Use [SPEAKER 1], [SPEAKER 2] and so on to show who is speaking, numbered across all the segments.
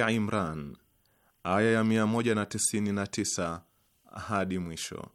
[SPEAKER 1] Ali Imran aya ya mia moja na na tisini tisa hadi mwisho.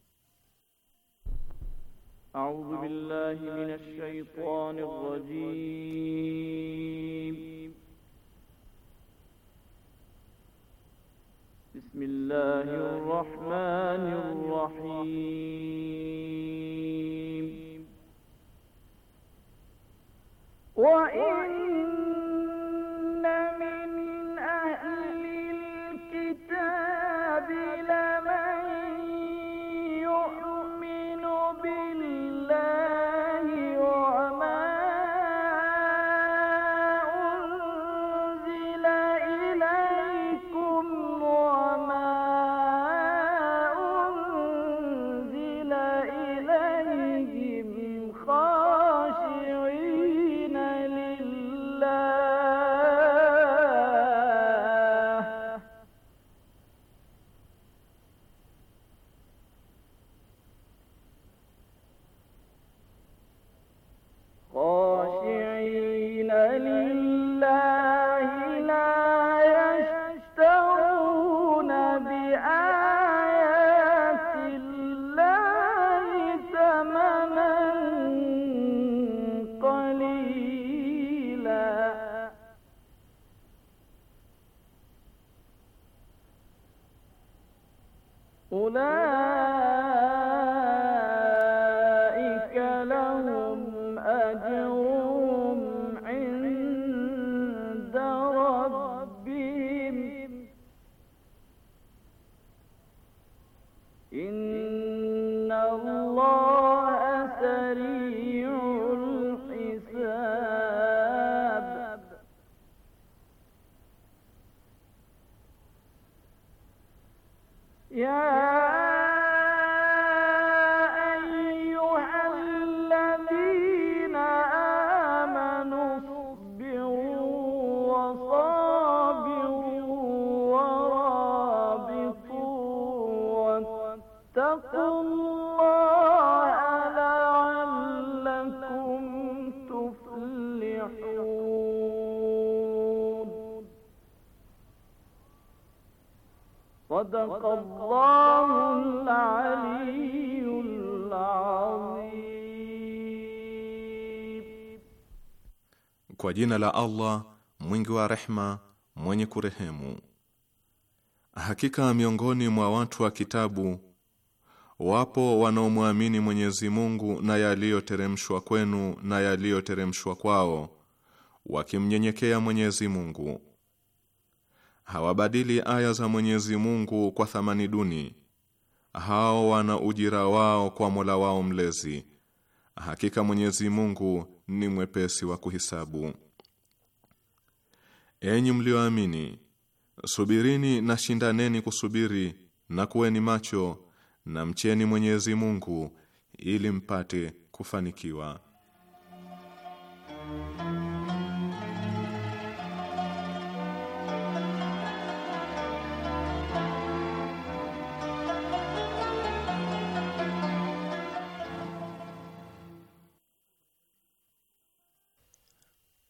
[SPEAKER 1] Kwa jina la Allah mwingi wa rehma mwenye kurehemu. Hakika miongoni mwa watu wa kitabu Wapo wanaomwamini Mwenyezi Mungu na yaliyoteremshwa kwenu na yaliyoteremshwa kwao, wakimnyenyekea Mwenyezi Mungu. Hawabadili aya za Mwenyezi Mungu kwa thamani duni. Hao wana ujira wao kwa Mola wao mlezi. Hakika Mwenyezi Mungu ni mwepesi wa kuhisabu. Enyi mlioamini, subirini na shindaneni kusubiri na kuweni macho na mcheni Mwenyezi Mungu ili mpate kufanikiwa.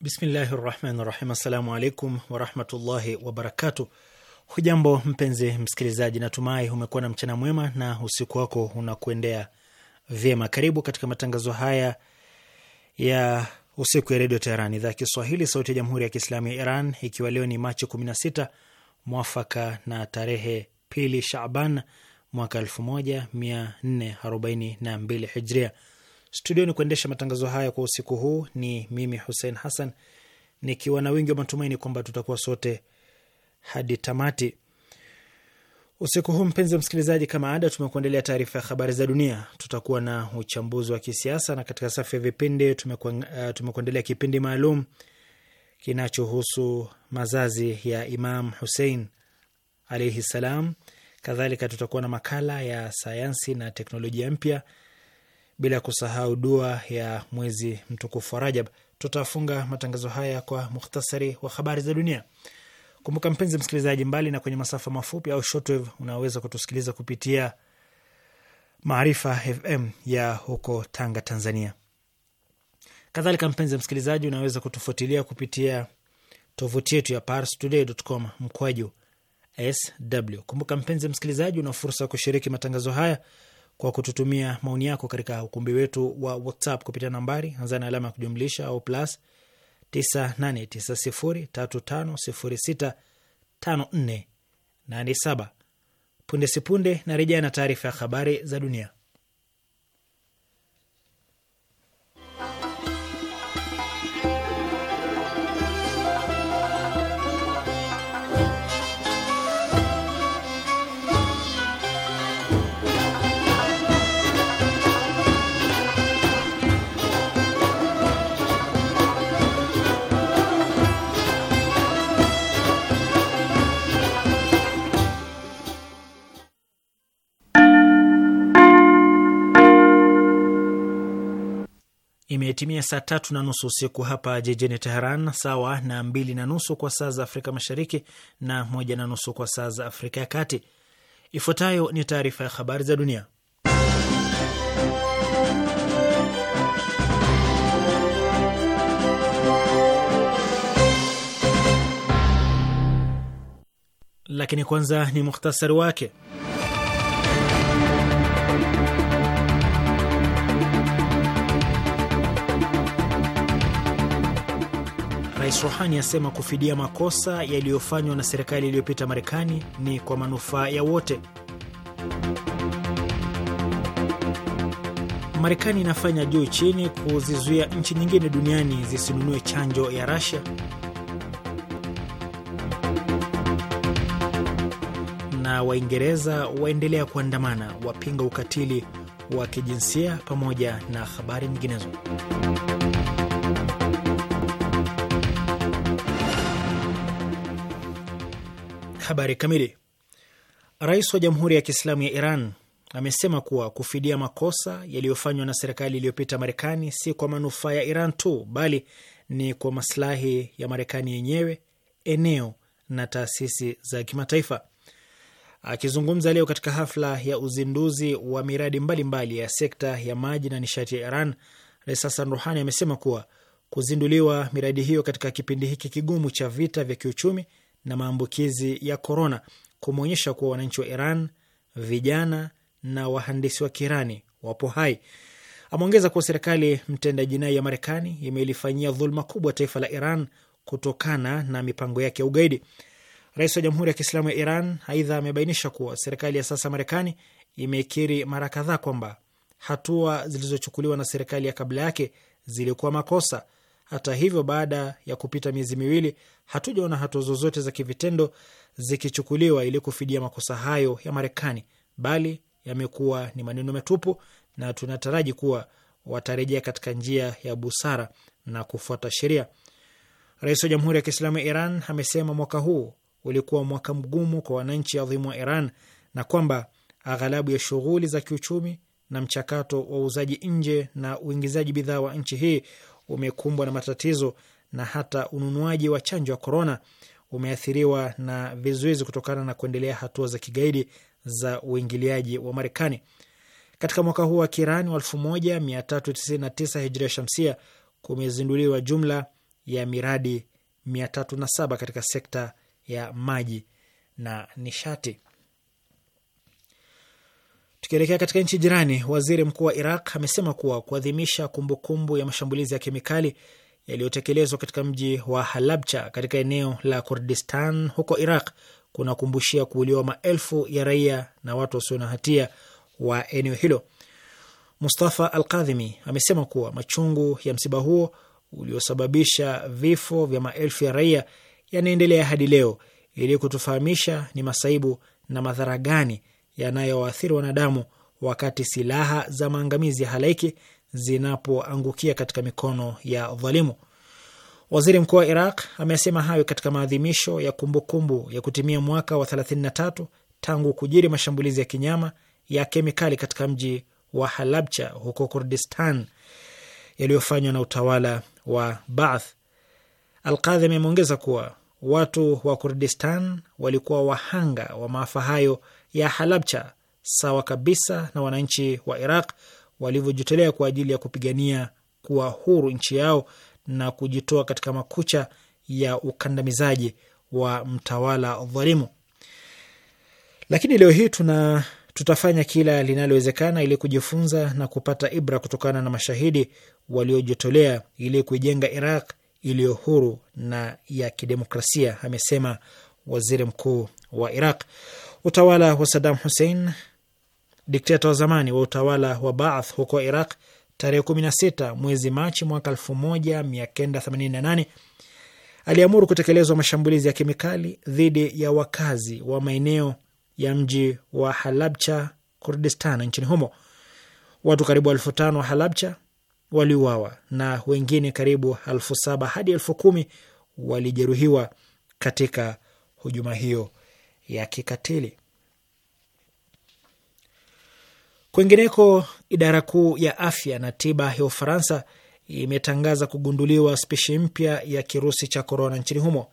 [SPEAKER 2] Bismillahi rahmani rahim. Assalamu alaikum warahmatullahi wabarakatuh. Hujambo mpenzi msikilizaji, natumai umekuwa na mchana mwema na usiku wako unakuendea vyema. Karibu katika matangazo haya ya usiku ya redio Teheran, idhaa ya Kiswahili, sauti ya jamhuri ya kiislamu ya Iran, ikiwa leo ni Machi 16 mwafaka na tarehe pili Shaban mwaka 1442 Hijria. Studioni kuendesha matangazo haya kwa usiku huu ni mimi Hussein Hassan, nikiwa na wingi wa matumaini kwamba tutakuwa sote hadi tamati. Usiku huu mpenzi wa msikilizaji, kama ada, tumekuandalia taarifa ya habari za dunia, tutakuwa na uchambuzi wa kisiasa, na katika safu ya vipindi eh, tumekuandalia kipindi maalum kinachohusu mazazi ya Imam Hussein alaihi salam. Kadhalika tutakuwa na makala ya sayansi na teknolojia mpya, bila kusahau dua ya mwezi mtukufu wa Rajab. Tutafunga matangazo haya kwa mukhtasari wa habari za dunia. Kumbuka mpenzi msikilizaji, mbali na kwenye masafa mafupi au shortwave, unaweza kutusikiliza kupitia Maarifa FM ya huko Tanga, Tanzania. Kadhalika mpenzi msikilizaji, unaweza kutufuatilia kupitia tovuti yetu ya parstoday.com mkwaju sw. Kumbuka mpenzi msikilizaji, una fursa ya kushiriki matangazo haya kwa kututumia maoni yako katika ukumbi wetu wa WhatsApp kupitia nambari anza na alama ya kujumlisha au plus 989035065487. Punde sipunde na rejea na taarifa ya habari za dunia. Imetimia saa tatu na nusu usiku hapa jijini Teheran, sawa na mbili na nusu kwa saa za Afrika Mashariki na moja na nusu kwa saa za Afrika ya Kati. Ifuatayo ni taarifa ya habari za dunia, lakini kwanza ni muhtasari wake. Rais Rohani asema kufidia makosa yaliyofanywa na serikali iliyopita Marekani ni kwa manufaa ya wote. Marekani inafanya juu chini kuzizuia nchi nyingine duniani zisinunue chanjo ya Russia. Na Waingereza waendelea kuandamana wapinga ukatili wa kijinsia pamoja na habari nyinginezo. Habari kamili. Rais wa Jamhuri ya Kiislamu ya Iran amesema kuwa kufidia makosa yaliyofanywa na serikali iliyopita Marekani si kwa manufaa ya Iran tu bali ni kwa maslahi ya Marekani yenyewe, eneo na taasisi za kimataifa. Akizungumza leo katika hafla ya uzinduzi wa miradi mbalimbali mbali ya sekta ya maji na nishati ya Iran, Rais Hassan Ruhani amesema kuwa kuzinduliwa miradi hiyo katika kipindi hiki kigumu cha vita vya kiuchumi na maambukizi ya korona, kumwonyesha kuwa wananchi wa Iran, vijana na wahandisi wa Kirani wapo hai. Ameongeza kuwa serikali mtenda jinai ya Marekani imelifanyia dhuluma kubwa taifa la Iran kutokana na mipango yake ya ugaidi. Rais wa Jamhuri ya Kiislamu ya Iran aidha amebainisha kuwa serikali ya sasa Marekani imekiri mara kadhaa kwamba hatua zilizochukuliwa na serikali ya kabla yake zilikuwa makosa hata hivyo, baada ya kupita miezi miwili, hatujaona hatua zozote za kivitendo zikichukuliwa ili kufidia makosa hayo ya Marekani, bali yamekuwa ni maneno matupu, na tunataraji kuwa watarejea katika njia ya busara na kufuata sheria. Rais wa Jamhuri ya Kiislamu ya Iran amesema mwaka huu ulikuwa mwaka mgumu kwa wananchi adhimu wa Iran na kwamba aghalabu ya shughuli za kiuchumi na mchakato wa uuzaji nje na uingizaji bidhaa wa nchi hii umekumbwa na matatizo na hata ununuaji wa chanjo ya korona umeathiriwa na vizuizi kutokana na kuendelea hatua za kigaidi za uingiliaji wa Marekani. Katika mwaka huu wa Kirani wa 1399 hijria shamsia kumezinduliwa jumla ya miradi 307 katika sekta ya maji na nishati. Tukielekea katika nchi jirani, waziri mkuu wa Iraq amesema kuwa kuadhimisha kumbukumbu ya mashambulizi ya kemikali yaliyotekelezwa katika mji wa Halabcha katika eneo la Kurdistan huko Iraq kunakumbushia kuuliwa maelfu ya raia na watu wasio na hatia wa eneo hilo. Mustafa Al Kadhimi amesema kuwa machungu ya msiba huo uliosababisha vifo vya maelfu ya raia yanaendelea hadi leo ili kutufahamisha ni masaibu na madhara gani yanayoathiri wanadamu wakati silaha za maangamizi ya halaiki zinapoangukia katika mikono ya dhalimu. Waziri mkuu wa Iraq amesema hayo katika maadhimisho ya kumbukumbu kumbu ya kutimia mwaka wa 33 tangu kujiri mashambulizi ya kinyama ya kemikali katika mji wa Halabcha huko Kurdistan yaliyofanywa na utawala wa Baath. Alqadhi ameongeza kuwa watu wa Kurdistan walikuwa wahanga wa maafa hayo ya Halabcha, sawa kabisa na wananchi wa Iraq walivyojitolea kwa ajili ya kupigania kuwa huru nchi yao na kujitoa katika makucha ya ukandamizaji wa mtawala dhalimu. Lakini leo hii tuna tutafanya kila linalowezekana ili kujifunza na kupata ibra kutokana na mashahidi waliojitolea ili kuijenga Iraq iliyo huru na ya kidemokrasia, amesema waziri mkuu wa Iraq. Utawala wa Saddam Hussein, dikteta wa zamani wa utawala wa Baath huko Iraq, tarehe 16 mwezi Machi mwaka 1988 aliamuru kutekelezwa mashambulizi ya kemikali dhidi ya wakazi wa maeneo ya mji wa Halabcha, Kurdistan nchini humo. Watu karibu elfu tano wa Halabcha waliuawa na wengine karibu elfu saba hadi elfu kumi walijeruhiwa katika hujuma hiyo ya kikatili. Kwingineko, idara kuu ya afya na tiba ya Ufaransa imetangaza kugunduliwa spishi mpya ya kirusi cha korona nchini humo.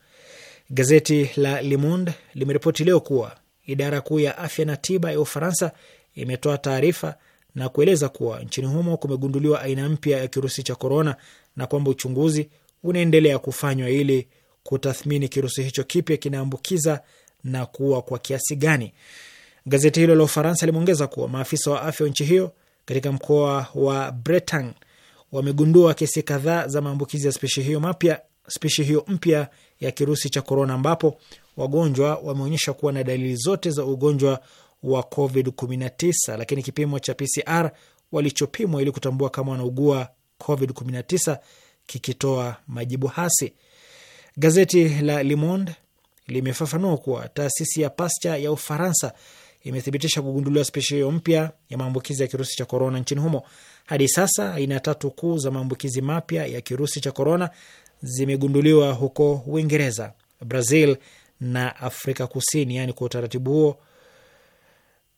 [SPEAKER 2] Gazeti la Le Monde limeripoti leo kuwa idara kuu ya afya na tiba ya Ufaransa imetoa taarifa na kueleza kuwa nchini humo kumegunduliwa aina mpya ya kirusi cha korona na kwamba uchunguzi unaendelea kufanywa ili kutathmini kirusi hicho kipya kinaambukiza na kuwa kwa kiasi gani. Gazeti hilo la Ufaransa limeongeza kuwa maafisa wa afya wa nchi hiyo katika mkoa wa Bretagne wamegundua kesi kadhaa za maambukizi ya spishi hiyo mapya spishi hiyo mpya ya kirusi cha korona, ambapo wagonjwa wameonyesha kuwa na dalili zote za ugonjwa wa COVID-19, lakini kipimo cha PCR walichopimwa ili kutambua kama wanaugua COVID-19 kikitoa majibu hasi. Gazeti la Le Monde limefafanua kuwa taasisi ya Pasteur ya Ufaransa imethibitisha kugunduliwa spishi hiyo mpya ya maambukizi ya kirusi cha korona nchini humo. Hadi sasa aina tatu kuu za maambukizi mapya ya kirusi cha korona zimegunduliwa huko Uingereza, Brazil na Afrika Kusini, yaani kwa utaratibu huo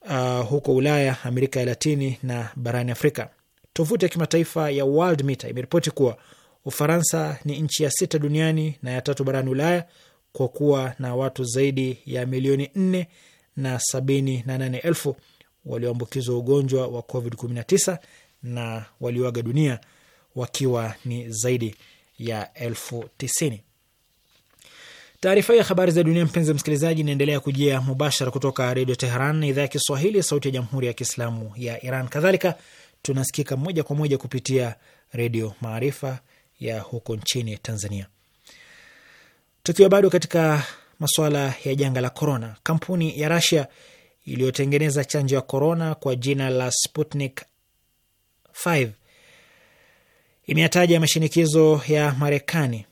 [SPEAKER 2] uh, huko Ulaya, Amerika ya Latini na barani Afrika. Tovuti ya kimataifa ya imeripoti kuwa Ufaransa ni nchi ya sita duniani na ya tatu barani Ulaya kwa kuwa na watu zaidi ya milioni nne na sabini na nane elfu walioambukizwa ugonjwa wa COVID-19 na walioaga dunia wakiwa ni zaidi ya elfu tisini. Taarifa ya habari za dunia, mpenzi msikilizaji, inaendelea kujia mubashara kutoka Redio Teheran, idhaa ya Kiswahili, sauti ya Jamhuri ya Kiislamu ya Iran. Kadhalika tunasikika moja kwa moja kupitia Redio Maarifa ya huko nchini Tanzania. Tukiwa bado katika masuala ya janga la korona, kampuni ya Rasia iliyotengeneza chanjo ya korona kwa jina la Sputnik 5 imeyataja mashinikizo ya Marekani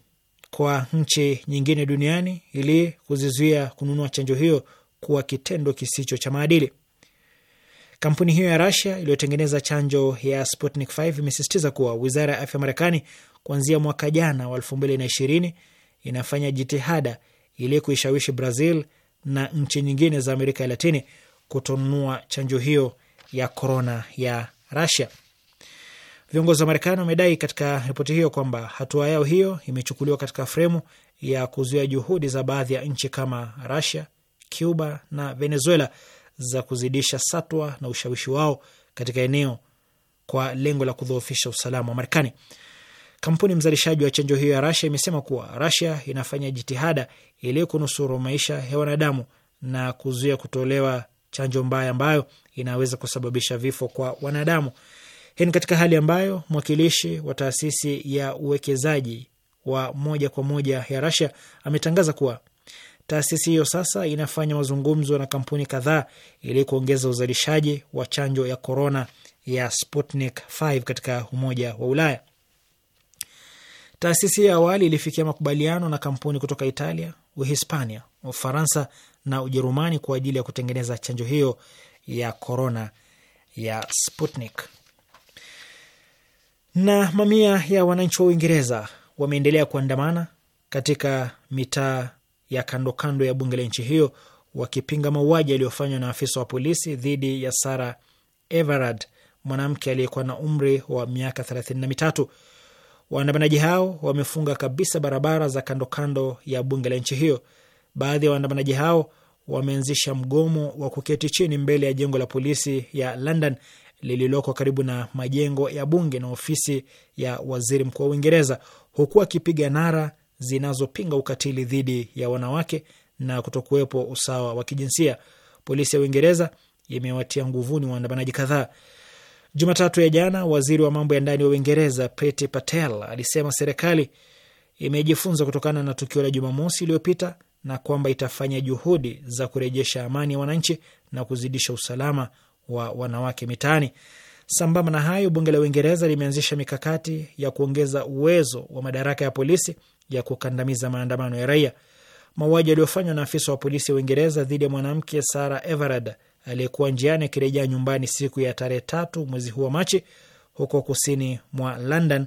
[SPEAKER 2] kwa nchi nyingine duniani ili kuzizuia kununua chanjo hiyo kuwa kitendo kisicho cha maadili. Kampuni hiyo ya Rasia iliyotengeneza chanjo ya Sputnik 5 imesisitiza kuwa wizara ya afya Marekani kuanzia mwaka jana wa ishirini inafanya jitihada ili kuishawishi Brazil na nchi nyingine za Amerika ya Latini kutonunua chanjo hiyo ya korona ya Rasia. Viongozi wa Marekani wamedai katika ripoti hiyo kwamba hatua yao hiyo imechukuliwa katika fremu ya kuzuia juhudi za baadhi ya nchi kama Rasia, Cuba na Venezuela za kuzidisha satwa na ushawishi wao katika eneo kwa lengo la kudhoofisha usalama wa Marekani. Kampuni mzalishaji wa chanjo hiyo ya Rasia imesema kuwa Rasia inafanya jitihada ili kunusuru maisha ya wanadamu na kuzuia kutolewa chanjo mbaya ambayo inaweza kusababisha vifo kwa wanadamu. Hii ni katika hali ambayo mwakilishi wa taasisi ya uwekezaji wa moja kwa moja ya Rasia ametangaza kuwa taasisi hiyo sasa inafanya mazungumzo na kampuni kadhaa ili kuongeza uzalishaji wa chanjo ya korona ya Sputnik 5 katika Umoja wa Ulaya. Taasisi ya awali ilifikia makubaliano na kampuni kutoka Italia, Uhispania, Ufaransa na Ujerumani kwa ajili ya kutengeneza chanjo hiyo ya korona ya Sputnik. Na mamia ya wananchi wa Uingereza wameendelea kuandamana katika mitaa ya kando kando ya bunge la nchi hiyo wakipinga mauaji yaliyofanywa na afisa wa polisi dhidi ya Sara Everard, mwanamke aliyekuwa na umri wa miaka thelathini na mitatu. Waandamanaji hao wamefunga kabisa barabara za kando kando ya bunge la nchi hiyo. Baadhi ya waandamanaji hao wameanzisha mgomo wa kuketi chini mbele ya jengo la polisi ya London lililoko karibu na majengo ya bunge na ofisi ya waziri mkuu wa Uingereza, huku akipiga nara zinazopinga ukatili dhidi ya wanawake na kutokuwepo usawa wa kijinsia. Polisi ya Uingereza imewatia nguvuni waandamanaji kadhaa. Jumatatu ya jana, waziri wa mambo ya ndani wa Uingereza Priti Patel alisema serikali imejifunza kutokana na tukio la Jumamosi iliyopita na kwamba itafanya juhudi za kurejesha amani ya wananchi na kuzidisha usalama wa wanawake mitaani. Sambamba na hayo, bunge la Uingereza limeanzisha mikakati ya kuongeza uwezo wa madaraka ya polisi ya kukandamiza maandamano ya raia. Mauaji yaliyofanywa na afisa wa polisi wa Uingereza dhidi ya mwanamke sara Everard aliyekuwa njiani akirejea nyumbani siku ya tarehe tatu mwezi huu wa Machi huko kusini mwa London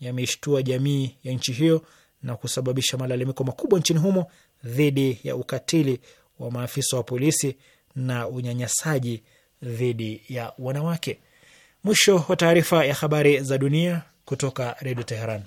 [SPEAKER 2] yameishtua jamii ya nchi hiyo na kusababisha malalamiko makubwa nchini humo dhidi ya ukatili wa maafisa wa polisi na unyanyasaji dhidi ya wanawake. Mwisho wa taarifa ya habari za dunia kutoka Redio Teheran.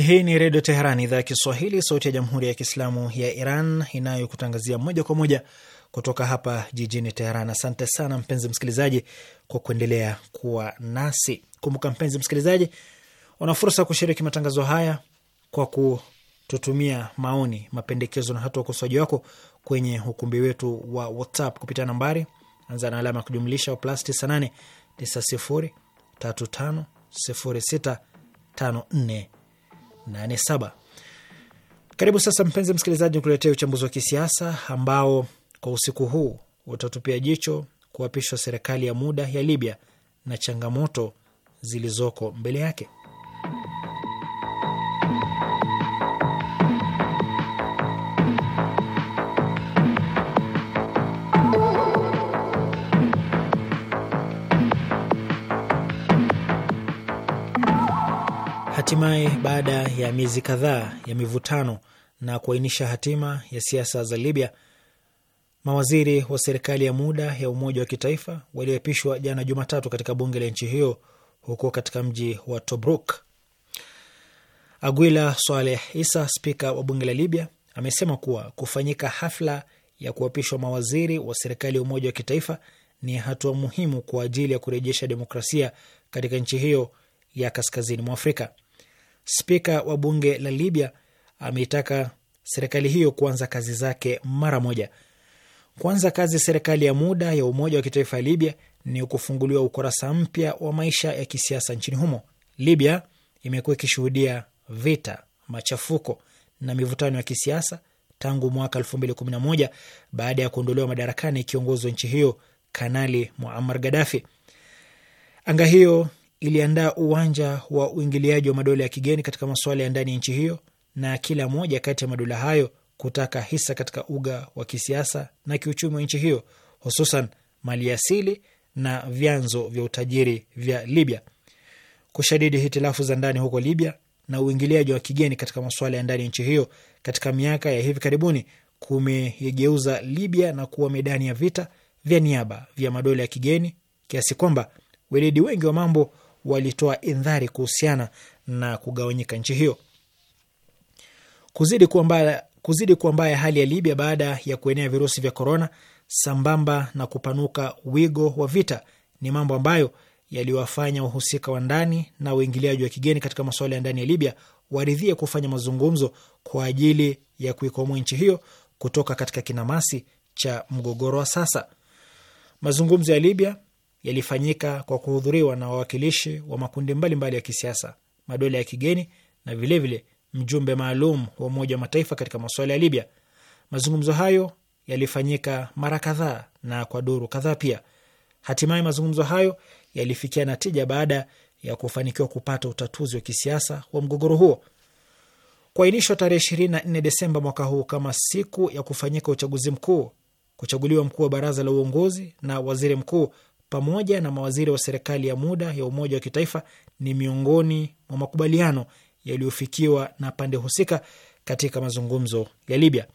[SPEAKER 2] Hii ni Redio Teheran, idhaa ya Kiswahili, sauti ya Jamhuri ya Kiislamu ya Iran, inayokutangazia moja kwa moja kutoka hapa jijini Teheran. Asante sana mpenzi msikilizaji kwa kuendelea kuwa nasi. Kumbuka mpenzi msikilizaji, una fursa ya kushiriki matangazo haya kwa kututumia maoni, mapendekezo na hata ukosoaji wako kwenye ukumbi wetu wa WhatsApp kupitia nambari anza na alama ya kujumlisha plus 98 90 87. Karibu sasa, mpenzi msikilizaji, kuletea uchambuzi wa kisiasa ambao kwa usiku huu utatupia jicho kuapishwa serikali ya muda ya Libya na changamoto zilizoko mbele yake. Hatimaye, baada ya miezi kadhaa ya mivutano na kuainisha hatima ya siasa za Libya, mawaziri wa serikali ya muda ya umoja wa kitaifa walioapishwa jana Jumatatu katika bunge la nchi hiyo huko katika mji wa Tobruk. Aguila Saleh Isa, spika wa bunge la Libya, amesema kuwa kufanyika hafla ya kuapishwa mawaziri wa serikali ya umoja wa kitaifa ni hatua muhimu kwa ajili ya kurejesha demokrasia katika nchi hiyo ya kaskazini mwa Afrika. Spika wa bunge la Libya ameitaka serikali hiyo kuanza kazi zake mara moja. Kuanza kazi serikali ya muda ya umoja wa kitaifa ya Libya ni kufunguliwa ukurasa mpya wa maisha ya kisiasa nchini humo. Libya imekuwa ikishuhudia vita, machafuko na mivutano ya kisiasa tangu mwaka 2011 baada ya kuondolewa madarakani kiongozi wa nchi hiyo Kanali Muammar Gaddafi. Anga hiyo iliandaa uwanja wa uingiliaji wa madola ya kigeni katika masuala ya ndani ya nchi hiyo na kila moja kati ya madola hayo kutaka hisa katika uga wa kisiasa na kiuchumi wa nchi hiyo, hususan maliasili na vyanzo vya utajiri vya Libya. Kushadidi hitilafu za ndani huko Libya na uingiliaji wa kigeni katika masuala ya ndani ya nchi hiyo katika miaka ya hivi karibuni kumeigeuza Libya na kuwa medani ya vita vya niaba vya madola ya kigeni kiasi kwamba weledi wengi wa mambo walitoa indhari kuhusiana na kugawanyika nchi hiyo. Kuzidi kuwa mbaya, kuzidi kuwa mbaya hali ya Libya baada ya kuenea virusi vya korona sambamba na kupanuka wigo wa vita ni mambo ambayo yaliwafanya wahusika wa ndani na uingiliaji wa kigeni katika masuala ya ndani ya Libya waridhie kufanya mazungumzo kwa ajili ya kuikomua nchi hiyo kutoka katika kinamasi cha mgogoro wa sasa. Mazungumzo ya Libya yalifanyika kwa kuhudhuriwa na wawakilishi wa makundi mbalimbali mbali ya kisiasa, madola ya kigeni na vilevile vile mjumbe maalum wa Umoja wa Mataifa katika masuala ya Libya. Mazungumzo hayo yalifanyika mara kadhaa na kwa duru kadhaa pia. Hatimaye mazungumzo hayo yalifikia natija baada ya kufanikiwa kupata utatuzi wa kisiasa wa mgogoro huo. Kuainishwa tarehe ishirini na nne Desemba mwaka huu kama siku ya kufanyika uchaguzi mkuu, kuchaguliwa mkuu wa baraza la uongozi na waziri mkuu pamoja na mawaziri wa serikali ya muda ya Umoja wa Kitaifa ni miongoni mwa makubaliano yaliyofikiwa na pande husika katika mazungumzo ya Libya.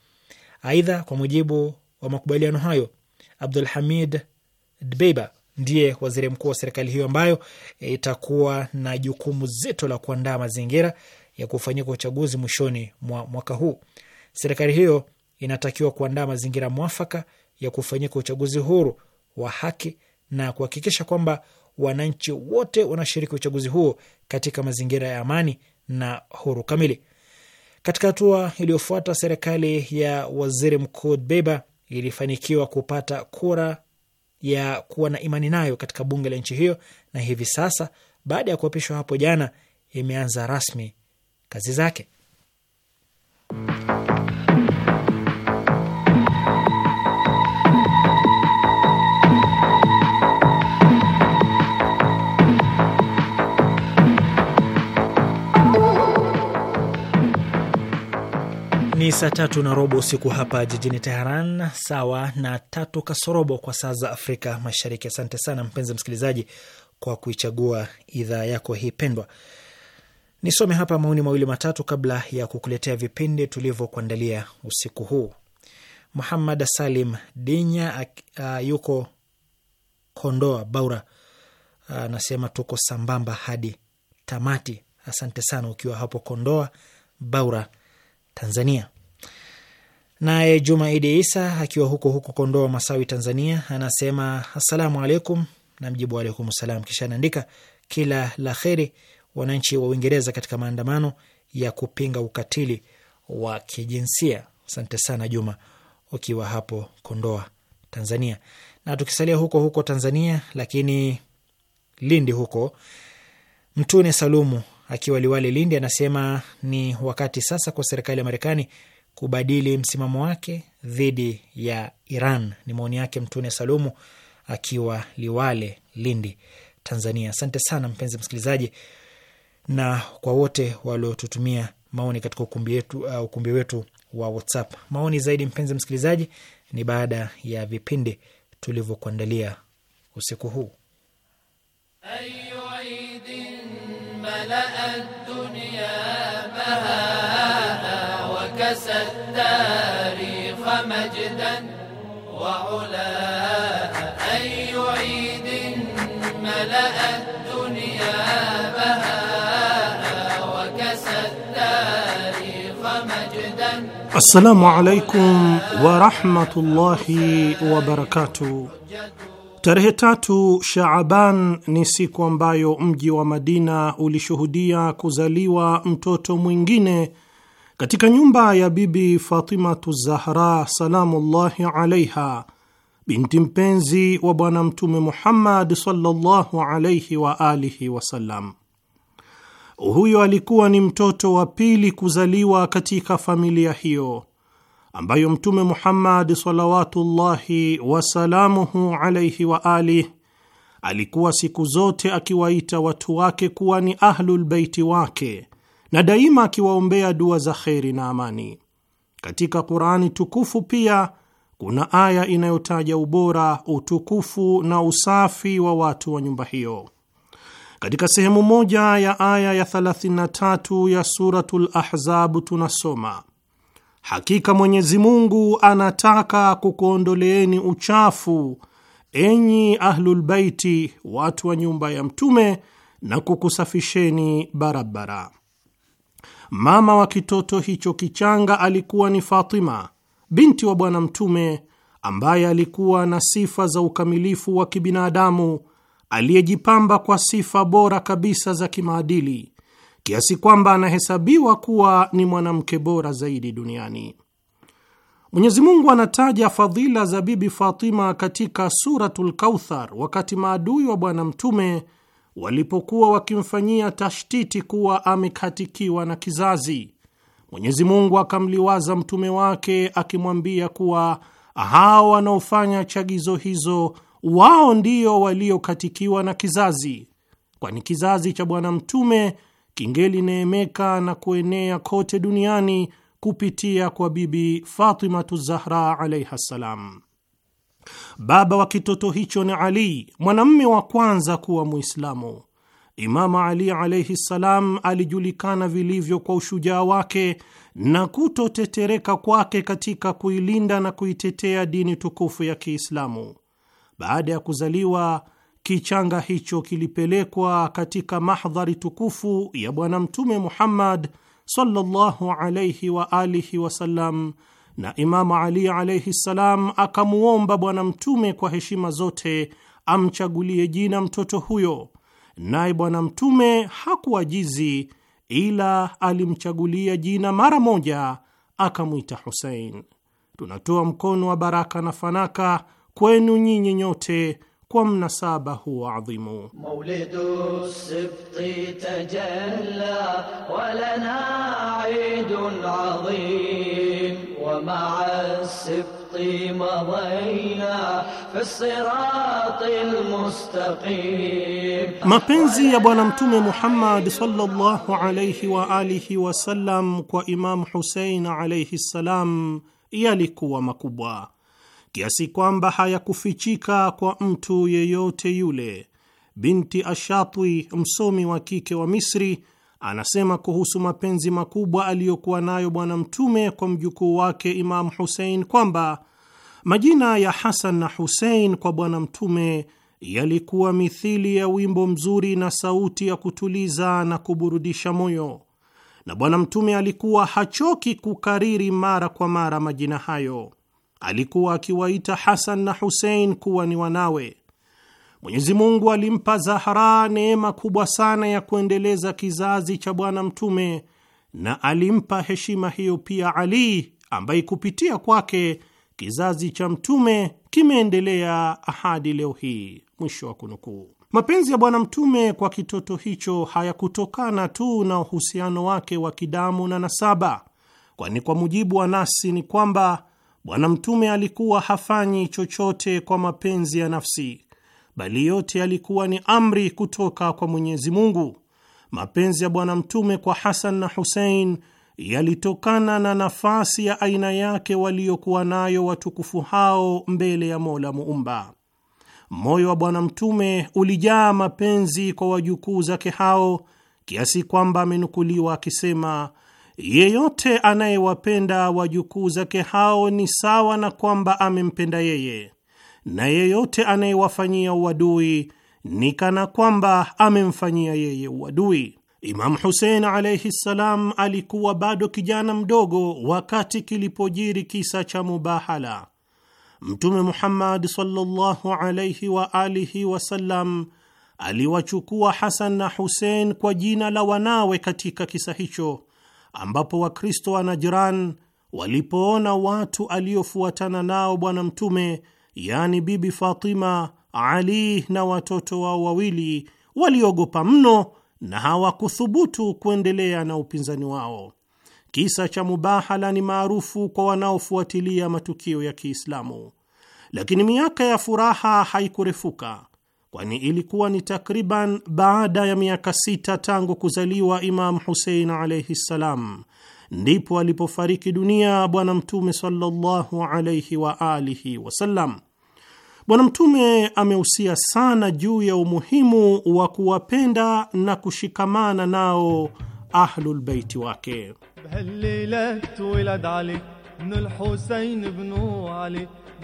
[SPEAKER 2] Aidha, kwa mujibu wa makubaliano hayo, Abdul Hamid Dbeiba ndiye waziri mkuu wa serikali hiyo ambayo e, itakuwa na jukumu zito la kuandaa mazingira ya kufanyika uchaguzi mwishoni mwa mwaka huu. Serikali hiyo inatakiwa kuandaa mazingira mwafaka ya kufanyika uchaguzi huru wa haki na kuhakikisha kwamba wananchi wote wanashiriki uchaguzi huo katika mazingira ya amani na huru kamili. Katika hatua iliyofuata, serikali ya waziri mkuu beba ilifanikiwa kupata kura ya kuwa na imani nayo katika bunge la nchi hiyo, na hivi sasa baada ya kuapishwa hapo jana, imeanza rasmi kazi zake. Ni saa tatu na robo usiku hapa jijini Teheran, sawa na tatu kasorobo kwa saa za Afrika Mashariki. Asante sana mpenzi msikilizaji kwa kuichagua idhaa yako hii pendwa. Nisome hapa maoni mawili matatu kabla ya kukuletea vipindi tulivyokuandalia usiku huu. Muhammad Salim Dinya uh, yuko Kondoa Baura anasema uh, tuko sambamba hadi tamati. Asante sana ukiwa hapo Kondoa Baura Tanzania. Naye Juma Idi Isa akiwa huko huko Kondoa Masawi, Tanzania, anasema assalamu alaikum, na mjibu alaikum salam, kisha anaandika kila la kheri wananchi wa Uingereza katika maandamano ya kupinga ukatili wa kijinsia. Asante sana Juma ukiwa hapo Kondoa, Tanzania. Na tukisalia huko huko Tanzania, lakini Lindi huko Mtune Salumu akiwa Liwale, Lindi, anasema ni wakati sasa kwa serikali ya Marekani kubadili msimamo wake dhidi ya Iran. Ni maoni yake Mtune Salumu akiwa Liwale, Lindi, Tanzania. Asante sana mpenzi msikilizaji, na kwa wote waliotutumia maoni katika ukumbi wetu, uh, ukumbi wetu wa WhatsApp. Maoni zaidi mpenzi msikilizaji ni baada ya vipindi tulivyokuandalia usiku huu Ayu.
[SPEAKER 3] ملأ الدنيا بهاء وكسى التاريخ مجدا وعلا أي عيد ملأ الدنيا بهاء وكسى التاريخ مجدا
[SPEAKER 4] السلام عليكم ورحمة الله وبركاته Tarehe tatu Shaaban ni siku ambayo mji wa Madina ulishuhudia kuzaliwa mtoto mwingine katika nyumba ya Bibi Fatimatu Zahra salamullahi alaiha, binti mpenzi wa Bwana Mtume Muhammad sallallahu alaihi wa alihi wasallam. Huyo alikuwa ni mtoto wa pili kuzaliwa katika familia hiyo ambayo Mtume Muhammad salawatullahi wasalamuhu alaihi wa alih alikuwa siku zote akiwaita watu wake kuwa ni ahlulbeiti wake na daima akiwaombea dua za kheri na amani. Katika Qurani tukufu pia kuna aya inayotaja ubora, utukufu na usafi wa watu wa nyumba hiyo. Katika sehemu moja ya aya ya 33 ya Suratul Ahzab tunasoma Hakika Mwenyezi Mungu anataka kukuondoleeni uchafu enyi Ahlulbaiti, watu wa nyumba ya Mtume, na kukusafisheni barabara. Mama wa kitoto hicho kichanga alikuwa ni Fatima binti wa Bwana Mtume, ambaye alikuwa na sifa za ukamilifu wa kibinadamu, aliyejipamba kwa sifa bora kabisa za kimaadili kiasi kwamba anahesabiwa kuwa ni mwanamke bora zaidi duniani. Mwenyezi Mungu anataja fadhila za Bibi Fatima katika Suratul Kauthar, wakati maadui wa Bwana Mtume walipokuwa wakimfanyia tashtiti kuwa amekatikiwa na kizazi. Mwenyezi Mungu akamliwaza mtume wake akimwambia kuwa hao wanaofanya chagizo hizo wao ndio waliokatikiwa na kizazi, kwani kizazi cha Bwana Mtume kingelineemeka na kuenea kote duniani kupitia kwa Bibi Fatimatu Zahra alaiha ssalam. Baba wa kitoto hicho ni Ali, mwanamme wa kwanza kuwa Muislamu. imamu Ali alaihi ssalam alijulikana vilivyo kwa ushujaa wake na kutotetereka kwake katika kuilinda na kuitetea dini tukufu ya Kiislamu. Baada ya kuzaliwa Kichanga hicho kilipelekwa katika mahdhari tukufu ya Bwana Mtume Muhammad sallallahu alayhi wa alihi wasallam, na Imamu Ali alayhi salam akamuomba Bwana Mtume kwa heshima zote amchagulie jina mtoto huyo, naye Bwana Mtume hakuajizi, ila alimchagulia jina mara moja akamwita Husein. Tunatoa mkono wa baraka na fanaka kwenu nyinyi nyote kwa mnasaba huo adhimu. Mapenzi ya Bwana Mtume Muhammad sallallahu alayhi wa alihi wasallam kwa Imamu Husein alayhi ssalam yalikuwa makubwa kiasi kwamba hayakufichika kwa mtu yeyote yule. Binti Ashatwi, msomi wa kike wa Misri, anasema kuhusu mapenzi makubwa aliyokuwa nayo Bwana Mtume kwa mjukuu wake Imamu Husein kwamba majina ya Hasan na Husein kwa Bwana Mtume yalikuwa mithili ya wimbo mzuri na sauti ya kutuliza na kuburudisha moyo, na Bwana Mtume alikuwa hachoki kukariri mara kwa mara majina hayo alikuwa akiwaita Hasan na Husein kuwa ni wanawe. Mwenyezi Mungu alimpa Zahra neema kubwa sana ya kuendeleza kizazi cha Bwana Mtume, na alimpa heshima hiyo pia Ali ambaye kupitia kwake kizazi cha Mtume kimeendelea ahadi leo hii. Mwisho wa kunukuu. Mapenzi ya Bwana Mtume kwa kitoto hicho hayakutokana tu na uhusiano wake wa kidamu na nasaba, kwani kwa mujibu wa nasi ni kwamba Bwana Mtume alikuwa hafanyi chochote kwa mapenzi ya nafsi, bali yote alikuwa ni amri kutoka kwa Mwenyezi Mungu. Mapenzi ya Bwana Mtume kwa Hasan na Husein yalitokana na nafasi ya aina yake waliokuwa nayo watukufu hao mbele ya Mola Muumba. Moyo wa Bwana Mtume ulijaa mapenzi kwa wajukuu zake hao kiasi kwamba amenukuliwa akisema yeyote anayewapenda wajukuu zake hao ni sawa na kwamba amempenda yeye, na yeyote anayewafanyia uadui ni kana kwamba amemfanyia yeye uadui. Imamu Husein alaihi ssalam alikuwa bado kijana mdogo wakati kilipojiri kisa cha Mubahala. Mtume Muhammad sallallahu alaihi wa alihi wasallam aliwachukua Hasan na Husein kwa jina la wanawe katika kisa hicho ambapo Wakristo wa najiran walipoona watu aliofuatana nao Bwana Mtume, yaani Bibi Fatima, Ali na watoto wao wawili, waliogopa mno na hawakuthubutu kuendelea na upinzani wao. Kisa cha Mubahala ni maarufu kwa wanaofuatilia matukio ya Kiislamu, lakini miaka ya furaha haikurefuka kwani ilikuwa ni takriban baada ya miaka sita tangu kuzaliwa Imam Husein alaihi ssalam, ndipo alipofariki dunia Bwana Mtume sallallahu alaihi wa alihi wasallam. Bwana Mtume amehusia sana juu ya umuhimu wa kuwapenda na kushikamana nao Ahlulbeiti wake.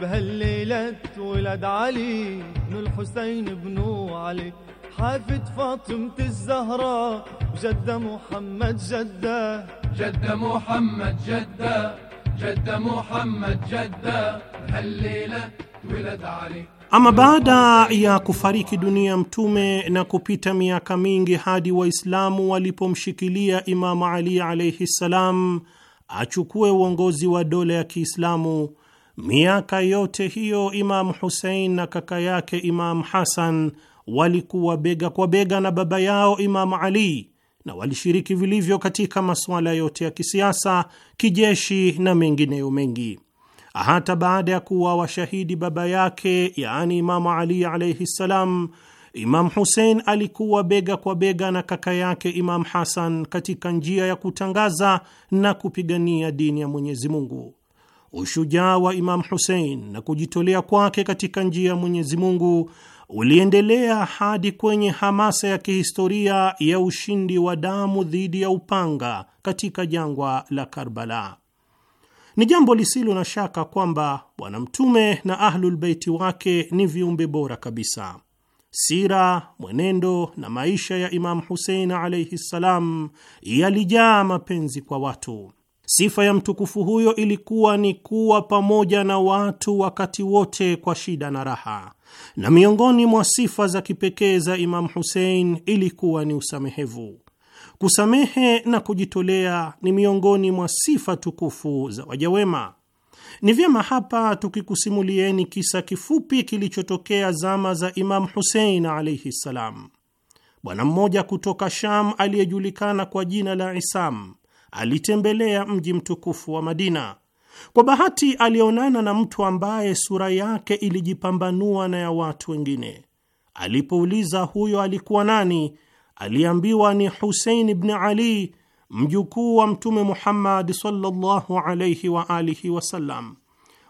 [SPEAKER 3] بهالليلة ولد علي بن الحسين بنو علي حافد فاطمة الزهرة جد محمد جدة جد محمد جدة جد محمد جدة بهالليلة ولد علي ama
[SPEAKER 4] baada ya kufariki dunia Mtume na kupita miaka mingi hadi Waislamu walipomshikilia Imamu Ali alaihi ssalam achukue uongozi wa dola ya Kiislamu, Miaka yote hiyo Imamu Husein na kaka yake Imamu Hasan walikuwa bega kwa bega na baba yao Imamu Ali na walishiriki vilivyo katika masuala yote ya kisiasa, kijeshi na mengineyo mengi. Hata baada ya kuwa washahidi baba yake, yaani Imamu Ali alaihi ssalam, Imamu Husein alikuwa bega kwa bega na kaka yake Imamu Hasan katika njia ya kutangaza na kupigania dini ya Mwenyezi Mungu ushujaa wa Imamu Husein na kujitolea kwake katika njia ya Mwenyezi Mungu uliendelea hadi kwenye hamasa ya kihistoria ya ushindi wa damu dhidi ya upanga katika jangwa la Karbala. Ni jambo lisilo na shaka kwamba Bwana Mtume na Ahlulbeiti wake ni viumbe bora kabisa. Sira, mwenendo na maisha ya Imamu Husein alaihi ssalam yalijaa mapenzi kwa watu Sifa ya mtukufu huyo ilikuwa ni kuwa pamoja na watu wakati wote kwa shida na raha, na miongoni mwa sifa za kipekee za Imamu Husein ilikuwa ni usamehevu. Kusamehe na kujitolea ni miongoni mwa sifa tukufu za wajawema Ni vyema hapa tukikusimulieni kisa kifupi kilichotokea zama za Imamu Husein alaihi ssalam. Bwana mmoja kutoka Sham aliyejulikana kwa jina la Isam alitembelea mji mtukufu wa Madina. Kwa bahati, alionana na mtu ambaye sura yake ilijipambanua na ya watu wengine. Alipouliza huyo alikuwa nani, aliambiwa ni Husein bni Ali, mjukuu wa Mtume Muhammad sallallahu alayhi wa alihi wasallam.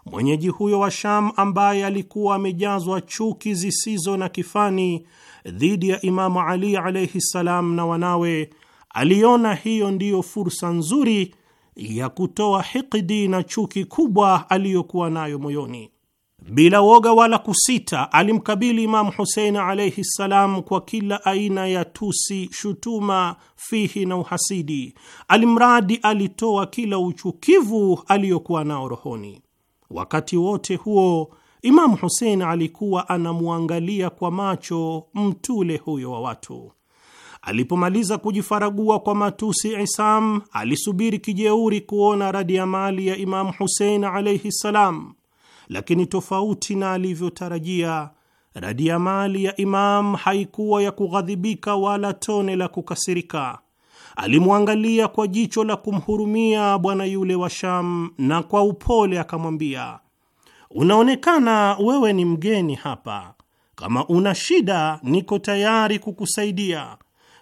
[SPEAKER 4] Mwenyeji huyo wa Sham ambaye alikuwa amejazwa chuki zisizo na kifani dhidi ya Imamu Ali alayhi ssalam na wanawe aliona hiyo ndiyo fursa nzuri ya kutoa hikdi na chuki kubwa aliyokuwa nayo moyoni. Bila woga wala kusita, alimkabili Imamu Husein alaihi ssalam kwa kila aina ya tusi, shutuma, fihi na uhasidi, alimradi alitoa kila uchukivu aliyokuwa nao rohoni. Wakati wote huo Imamu Husein alikuwa anamwangalia kwa macho mtule huyo wa watu. Alipomaliza kujifaragua kwa matusi, Isam alisubiri kijeuri kuona radi ya mali ya Imamu Husein alaihi ssalam, lakini tofauti na alivyotarajia, radi ya Imam haikuwa ya kughadhibika wala tone la kukasirika. Alimwangalia kwa jicho la kumhurumia bwana yule wa Sham na kwa upole akamwambia, unaonekana wewe ni mgeni hapa. Kama una shida, niko tayari kukusaidia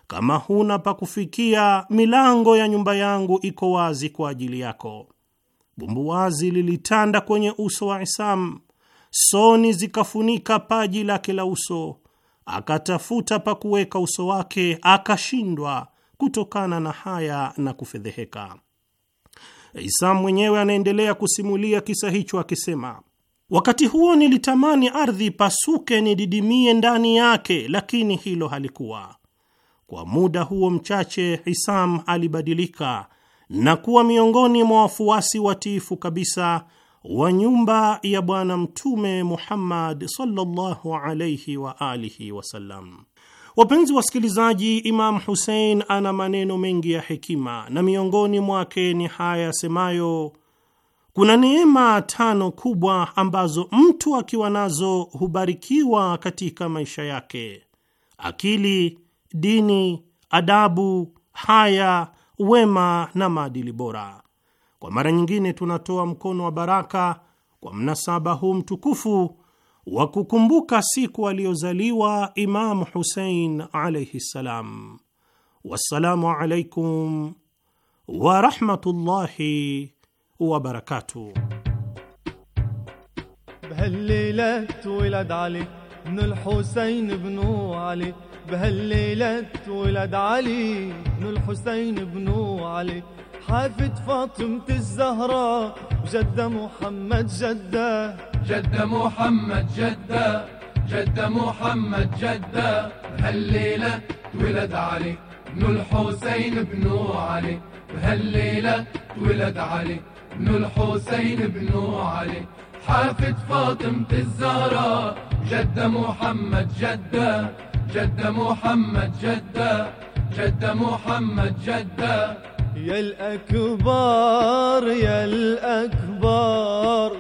[SPEAKER 4] kama huna pa kufikia, milango ya nyumba yangu iko wazi kwa ajili yako. Bumbuwazi lilitanda kwenye uso wa Isam, soni zikafunika paji lake la uso. Akatafuta pa kuweka uso wake, akashindwa kutokana na haya na kufedheheka. Isam mwenyewe anaendelea kusimulia kisa hicho akisema, wakati huo nilitamani ardhi pasuke nididimie ndani yake, lakini hilo halikuwa kwa muda huo mchache, Hisam alibadilika na kuwa miongoni mwa wafuasi watiifu kabisa wa nyumba ya Bwana Mtume Muhammad sallallahu alayhi wa alihi wasallam. Wapenzi wasikilizaji, Imam Husein ana maneno mengi ya hekima na miongoni mwake ni haya yasemayo: kuna neema tano kubwa ambazo mtu akiwa nazo hubarikiwa katika maisha yake: akili, dini, adabu, haya, wema na maadili bora. Kwa mara nyingine, tunatoa mkono wa baraka kwa mnasaba huu mtukufu wa kukumbuka siku aliyozaliwa Imamu Husein alaihi ssalam. Wassalamu alaikum warahmatullahi wabarakatuh.
[SPEAKER 3] بهالليلة ولد علي بن الحسين بنو علي حافد فاطمة الزهراء جدة محمد جدة جدة محمد جدة جدة محمد جدة بهالليلة ولد علي بن الحسين بنو علي بهالليلة ولد علي بن الحسين بنو علي حافد فاطمة الزهراء جدة محمد جدة جد محمد جدة جد محمد جد يا الأكبر يا الأكبر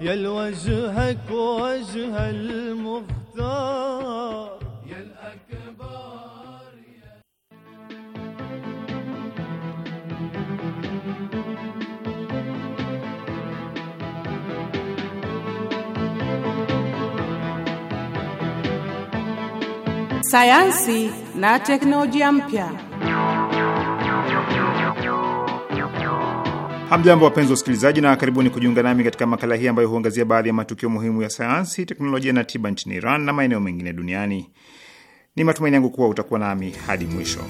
[SPEAKER 3] يا الوجهك وجه المختار
[SPEAKER 5] sayansi na teknolojia mpya.
[SPEAKER 6] Hamjambo, wapenzi wasikilizaji, na karibuni kujiunga nami katika makala hii ambayo huangazia baadhi ya matukio muhimu ya sayansi, teknolojia na tiba nchini Iran na maeneo mengine duniani. Ni matumaini yangu kuwa utakuwa nami hadi mwisho.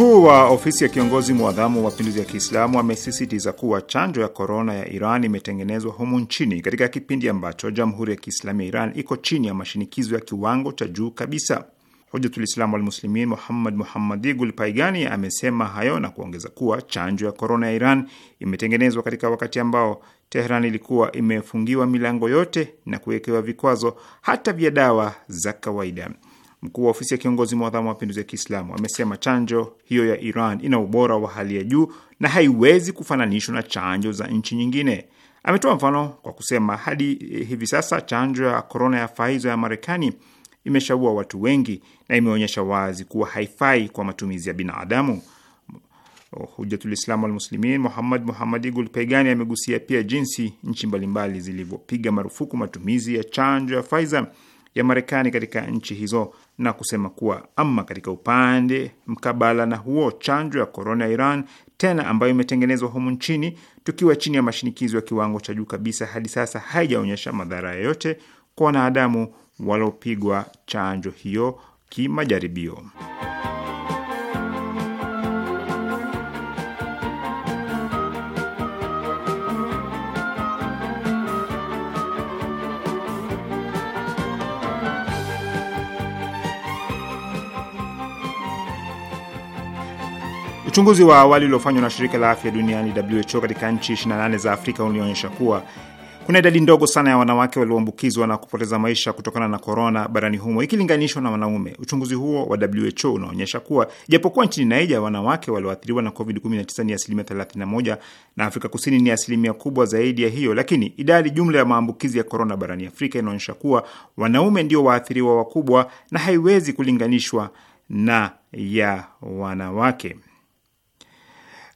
[SPEAKER 6] Mkuu wa ofisi ya kiongozi mwadhamu wa mapinduzi ya Kiislamu amesisitiza kuwa chanjo ya korona ya Iran imetengenezwa humu nchini katika kipindi ambacho jamhuri ya Kiislamu ya Iran iko chini ya mashinikizo ya kiwango cha juu kabisa. Hujatulislamu walmuslimin Muhammad Muhammadi Gulpaigani amesema hayo na kuongeza kuwa chanjo ya korona ya Iran imetengenezwa katika wakati ambao Tehran ilikuwa imefungiwa milango yote na kuwekewa vikwazo hata vya dawa za kawaida. Mkuu wa ofisi ya kiongozi mwadhamu wa mapinduzi ya Kiislamu amesema chanjo hiyo ya Iran ina ubora wa hali ya juu na haiwezi kufananishwa na chanjo za nchi nyingine. Ametoa mfano kwa kusema hadi eh, hivi sasa chanjo ya korona ya Pfizer ya Marekani imeshaua watu wengi na imeonyesha wazi kuwa haifai kwa matumizi ya binadamu. Hujatulislamu Walmuslimin Muhammad Muhammadi Gulpeigani amegusia pia jinsi nchi mbalimbali zilivyopiga marufuku matumizi ya chanjo ya Pfizer ya Marekani katika nchi hizo na kusema kuwa ama katika upande mkabala na huo, chanjo ya korona ya Iran tena ambayo imetengenezwa humu nchini tukiwa chini ya mashinikizo ya kiwango cha juu kabisa, hadi sasa haijaonyesha madhara yoyote kwa wanadamu waliopigwa chanjo hiyo kimajaribio. Uchunguzi wa awali uliofanywa na shirika la afya duniani WHO katika nchi 28 za Afrika ulionyesha kuwa kuna idadi ndogo sana ya wanawake walioambukizwa na kupoteza maisha kutokana na korona barani humo ikilinganishwa na wanaume. Uchunguzi huo wa WHO unaonyesha kuwa japokuwa nchini Naija wanawake walioathiriwa na covid-19 ni asilimia 31 na Afrika Kusini ni asilimia kubwa zaidi ya hiyo, lakini idadi jumla ya maambukizi ya korona barani Afrika inaonyesha kuwa wanaume ndio waathiriwa wakubwa na haiwezi kulinganishwa na ya wanawake.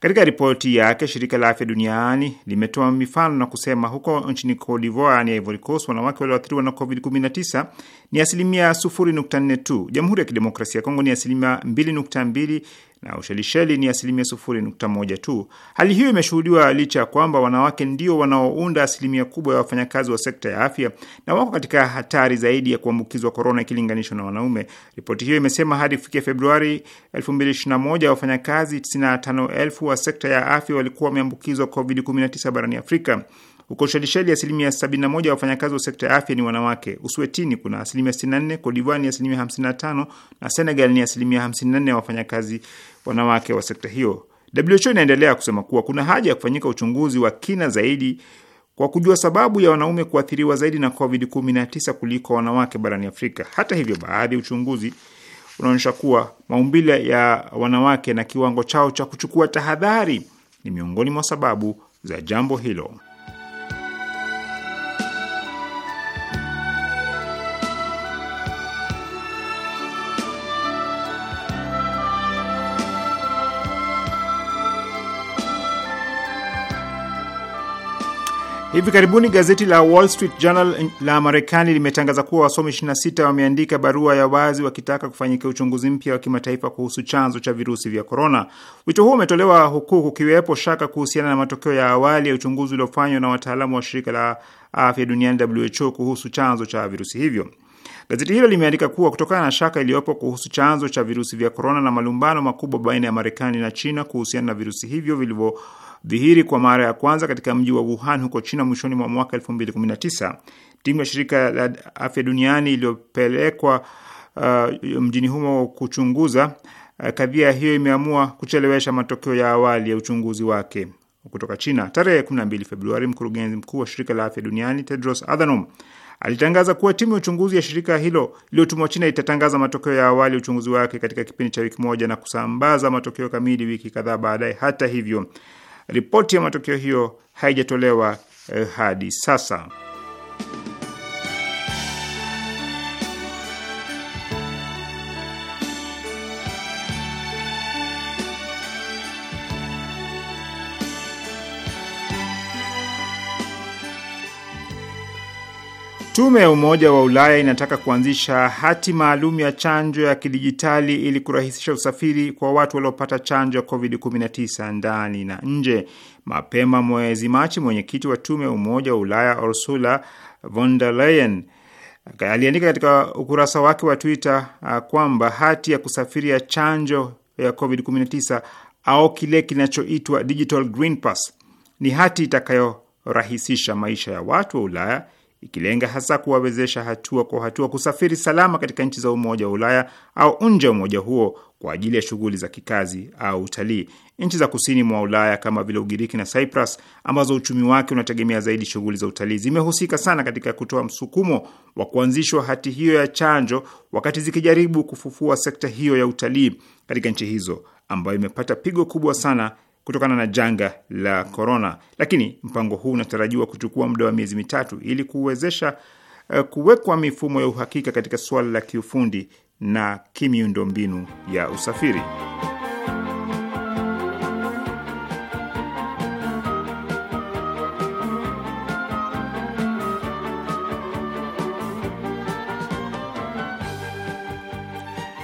[SPEAKER 6] Katika ripoti yake, shirika la afya duniani limetoa mifano na kusema huko nchini Cote d'Ivoire, yaani Ivory Coast, wanawake walioathiriwa na COVID-19 ni asilimia 0.4 tu. Jamhuri ya Kidemokrasia ya Kongo ni asilimia 2.2 na Ushelisheli ni asilimia sufuri nukta moja tu. Hali hiyo imeshuhudiwa licha ya kwamba wanawake ndio wanaounda asilimia kubwa ya wafanyakazi wa sekta ya afya na wako katika hatari zaidi ya kuambukizwa korona ikilinganishwa na wanaume. Ripoti hiyo imesema hadi kufikia Februari 2021 wafanyakazi 95,000 wa sekta ya afya walikuwa wameambukizwa COVID-19 barani Afrika. Huko Ushelisheli asilimia 71 ya wafanyakazi wa sekta ya afya ni wanawake. Uswetini kuna asilimia 64, Kodivani asilimia 55 na Senegal ni asilimia 54 ya wafanyakazi wanawake wa sekta hiyo. WHO inaendelea kusema kuwa kuna haja ya kufanyika uchunguzi wa kina zaidi kwa kujua sababu ya wanaume kuathiriwa zaidi na COVID-19 kuliko wanawake barani Afrika. Hata hivyo, baadhi ya uchunguzi unaonyesha kuwa maumbile ya wanawake na kiwango chao cha kuchukua tahadhari ni miongoni mwa sababu za jambo hilo. Hivi karibuni gazeti la Wall Street Journal la Marekani limetangaza kuwa wasomi 26 wameandika barua ya wazi wakitaka kufanyika uchunguzi mpya wa kimataifa kuhusu chanzo cha virusi vya korona. Wito huo umetolewa huku kukiwepo shaka kuhusiana na matokeo ya awali ya uchunguzi uliofanywa na wataalamu wa shirika la afya duniani WHO kuhusu chanzo cha virusi hivyo. Gazeti hilo limeandika kuwa kutokana na shaka iliyopo kuhusu chanzo cha virusi vya korona na malumbano makubwa baina ya Marekani na China kuhusiana na virusi hivyo vilivyo dhihiri kwa mara ya kwanza katika mji wa Wuhan huko China mwishoni mwa mwaka 2019. Timu ya shirika la afya duniani iliyopelekwa uh, mjini humo kuchunguza uh, kadhia hiyo imeamua kuchelewesha matokeo ya awali ya uchunguzi wake kutoka China. Tarehe 12 Februari, mkurugenzi mkuu wa shirika la afya duniani Tedros Adhanom alitangaza kuwa timu ya uchunguzi ya shirika hilo iliyotumwa China itatangaza matokeo ya awali uchunguzi wake katika kipindi cha wiki moja na kusambaza matokeo kamili wiki kadhaa baadaye. Hata hivyo Ripoti ya matokeo hiyo haijatolewa eh, hadi sasa. Tume ya Umoja wa Ulaya inataka kuanzisha hati maalum ya chanjo ya kidijitali ili kurahisisha usafiri kwa watu waliopata chanjo ya COVID-19 ndani na nje. Mapema mwezi Machi, mwenyekiti wa tume ya Umoja wa Ulaya Ursula von der Leyen aliandika katika ukurasa wake wa Twitter uh, kwamba hati ya kusafiri ya chanjo ya COVID-19 au kile kinachoitwa Digital Green Pass ni hati itakayorahisisha maisha ya watu wa Ulaya ikilenga hasa kuwawezesha hatua kwa hatua kusafiri salama katika nchi za Umoja wa Ulaya au nje ya umoja huo kwa ajili ya shughuli za kikazi au utalii. Nchi za kusini mwa Ulaya kama vile Ugiriki na Cyprus, ambazo uchumi wake unategemea zaidi shughuli za utalii, zimehusika sana katika kutoa msukumo wa kuanzishwa hati hiyo ya chanjo, wakati zikijaribu kufufua sekta hiyo ya utalii katika nchi hizo ambayo imepata pigo kubwa sana kutokana na janga la korona, lakini mpango huu unatarajiwa kuchukua muda wa miezi mitatu ili kuwezesha uh, kuwekwa mifumo ya uhakika katika suala la kiufundi na kimiundombinu ya usafiri.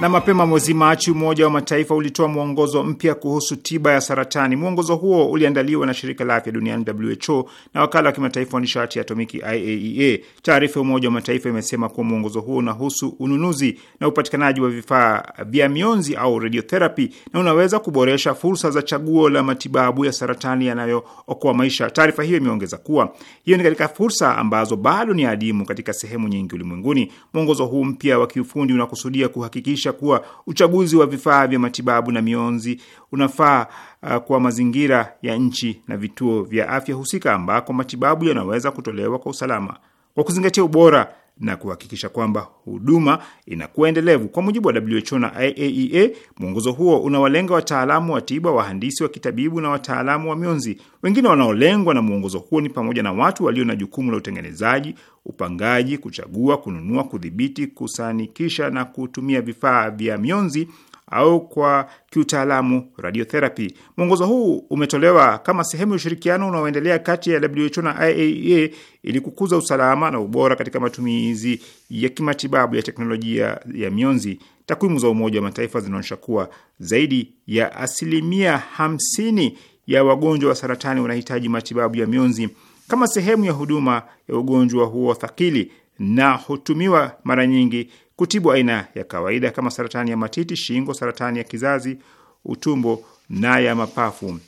[SPEAKER 6] Na mapema mwezi Machi, Umoja wa Mataifa ulitoa mwongozo mpya kuhusu tiba ya saratani. Mwongozo huo uliandaliwa na Shirika la Afya Duniani WHO na Wakala wa Kimataifa wa Nishati ya Atomiki IAEA. E Taarifa ya Umoja wa Mataifa imesema kuwa mwongozo huo unahusu ununuzi na upatikanaji wa vifaa vya mionzi au radiotherapy na unaweza kuboresha fursa za chaguo la matibabu ya saratani yanayookoa maisha. Taarifa hiyo imeongeza kuwa hiyo ni katika fursa ambazo bado ni adimu katika sehemu nyingi ulimwenguni. Mwongozo huu mpya wa kiufundi unakusudia kuhakikisha kuhakikisha kuwa uchaguzi wa vifaa vya matibabu na mionzi unafaa uh, kwa mazingira ya nchi na vituo vya afya husika ambako matibabu yanaweza kutolewa kwa usalama kwa kuzingatia ubora na kuhakikisha kwamba huduma inakuwa endelevu. Kwa mujibu wa WHO na IAEA, e mwongozo huo unawalenga wataalamu wa tiba, wahandisi wa kitabibu na wataalamu wa mionzi. Wengine wanaolengwa na mwongozo huo ni pamoja na watu walio na jukumu la utengenezaji, upangaji, kuchagua, kununua, kudhibiti, kusanikisha na kutumia vifaa vya mionzi au kwa kiutaalamu radiotherapy. Mwongozo huu umetolewa kama sehemu ya ushirikiano unaoendelea kati ya WHO na IAEA ili kukuza usalama na ubora katika matumizi ya kimatibabu ya teknolojia ya mionzi. Takwimu za Umoja wa Mataifa zinaonyesha kuwa zaidi ya asilimia hamsini ya wagonjwa wa saratani wanahitaji matibabu ya mionzi kama sehemu ya huduma ya ugonjwa huo thakili na hutumiwa mara nyingi kutibu aina ya kawaida kama saratani ya matiti, shingo, saratani ya kizazi, utumbo na ya mapafu.